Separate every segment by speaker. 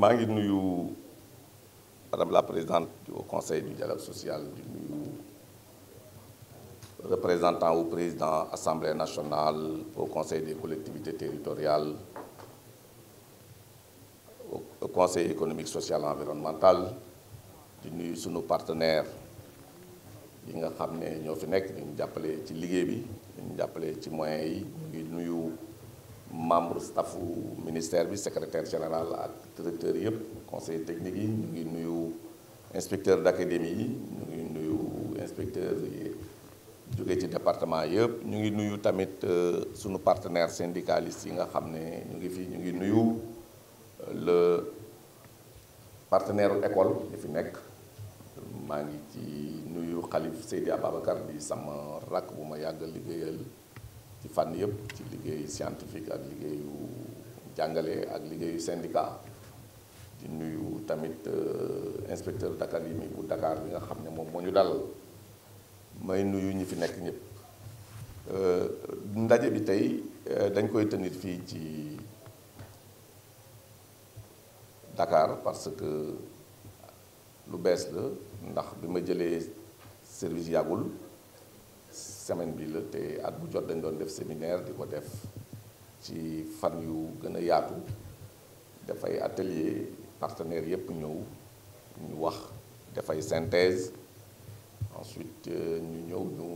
Speaker 1: Je madame la présidente du conseil du dialogue social représentant au président de l'Assemblée nationale au conseil des collectivités territoriales au conseil économique social et environnemental du nuyu partenaires, partenaires, yi nga xam ne ñoo fi nekk ñu jàppale ci liggéey bi ñu jàppale ci moyens yi di nuyu membre staffu ministère bi secrétaire général directeur conseil technique yi ñu ngi nuyu inspecteur d'académie ñu ngi nuyu inspecteur du ci département nous ñu ngi nuyu tamit euh, suñu partenaire syndicaliste yi nga xam ne ñu ngi fii ñu ngi nuyu euh, le partenaire école yi fi nekk maa ngi ci nuyu xalif Seydi Ababakar, di sama rakk bu ma yàgg fànn yëpp ci liggéeyu scientifique ak liggéeyu jàngale ak liggéeyu syndicat di nuyu tamit euh, inspecteur d'académie bu Dakar bi nga xam ne moom moo ñu dalal may nuyu ñu fi nekk ñëpp euh, ndaje bi tey euh, dañ koy tenir fii ci Dakar parce que lu bees la ndax bi ma jëlee service yàggul semaine bi la te at bu jot dañ doon def séminaire diko def ci fan yu gën a yaatu dafay atelier partenaire yépp ñëw ñu wax dafay synthèse ensuite euh, ñu ñëw ñu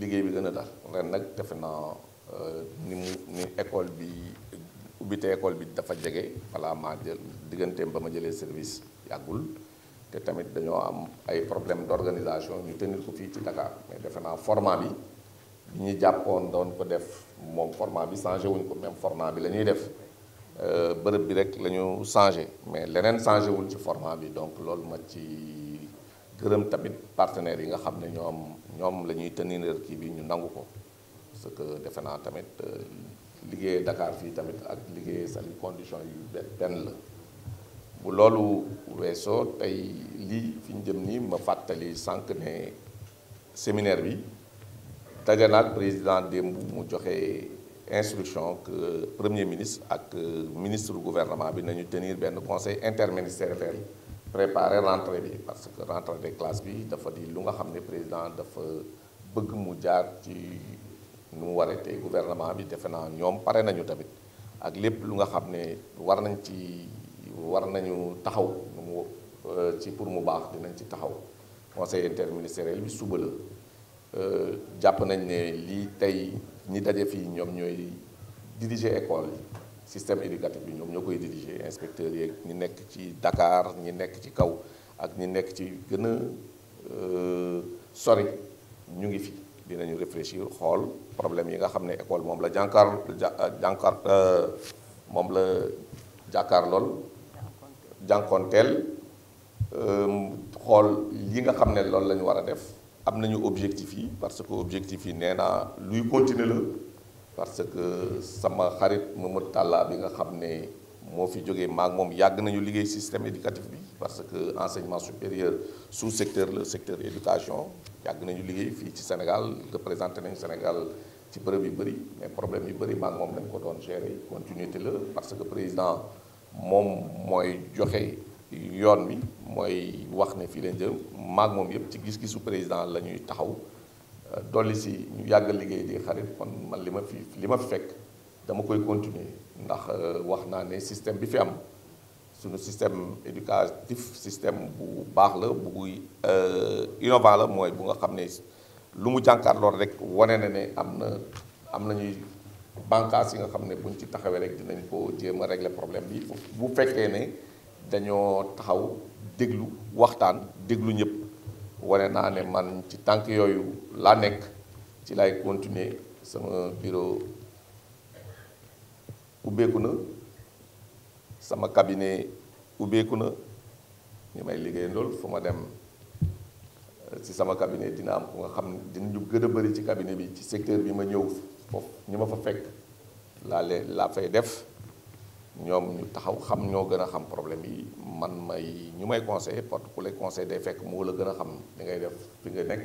Speaker 1: liggéey bi gëna tax dal ren nag defe naa euh, ni mu ni école bi ubité école bi dafa jege balaa maa jël digganteem ba ma jëlé service yagul te tamit dañoo am ay problème d'organisation ñu tenir ko fii ci Dakar mais defe naa format bi bi ñu jàppoon doon ko def moom format bi changé wuñ ko même format bi la ñuy def euh, bërëb bi rek lañu ñu changé mais leneen changé wuñ ci format bi donc loolu ma ci gërëm tamit partenaires yi nga xam ne ñoom ñoom la ñuy tenir kii bi ñu nangu ko parce que defe naa tamit euh, liggéey Dakar fii tamit ak liggéey sali condition yu benn la bu wesso tay li lii dem ni ma fatali sànq ne séminaire bi daje na président démb mu joxé instruction que premier ministre ak ministre gouvernement bi nañu tenir ben conseil interministériel préparer l'entrée bi parce que rentrée des classes bi dafa di lu nga xamné président dafa bëgg mu jaar ci nu waré té gouvernement bi defe na ñom paré nañu tamit ak lépp lu nga xamné war nañ ci. war nañu taxaw mu euh, ci pour mu baax dinañ ci taxaw conseil interministériel bi suba la euh, jàpp nañ ne lii tey ñi daje fii ñoom ñooy diriger école yi système éducatif bi ñoom ñoo koy diriger inspecteurs yeeg ñi nekk ci Dakar ñi nekk ci kaw ak ñi nekk ci gën a euh, sori ñu ngi fi dinañu réfléchir xool problème yi nga xam ne école moom la jànkaar jànkaar moom la jàkkaar lool jànkoonteel euh, xol li nga xam ne loolu la ñu def am nañu objectif yi parce que objectif yi nee luy continuer le parce que sama xarit Mamadou Talla bi nga xam mo fi jógee mak mom yag nañu liggéey système éducatif bi parce que enseignement supérieur sous secteur le secteur éducation yag nañu liggéey fi ci Sénégal représenté nañu Sénégal ci bërëb yu bëri mais problème yi bëri mak mom lañ ko don gérer continuité le parce que président moom mooy joxe yoon wi mooy wax ne fii leen jëm maag moom yëpp ci gis-gisu président la ñuy taxaw euh, dolli si ñu yàgg liggéey di xarit kon man li ma fi li ma fi fekk dama koy continuer ndax euh, wax naa ne système bi fi am suñu système éducatif système bu baax la bu euh, innovant la mooy bu nga xam ne lu mu jànkaarloo rek wane na ne am na am nañuy bànqaas yi nga xam ne buñ ci taxawee rek dinañ ko jéem a régler problème bi bu fekkee ne dañoo taxaw déglu waxtaan déglu ñëpp wane naa ne man ci tànk yooyu laa nekk ci lay continuer sama bureau ubbeeku na sama cabinet ubbeeku na ñu may liggéey loolu fu ma dem si sama cabinet dina am ku nga xam dina ñu gën a bëri ci cabinet bi ci secteur bi ma ñëw foofu ñu ma fa fekk laa leen laa fay def ñoom ñu taxaw xam ñoo gën a xam problème yi man may ñu may conseillé parce que lay conseillé day fekk moo la gën a xam li ngay def fi nga nekk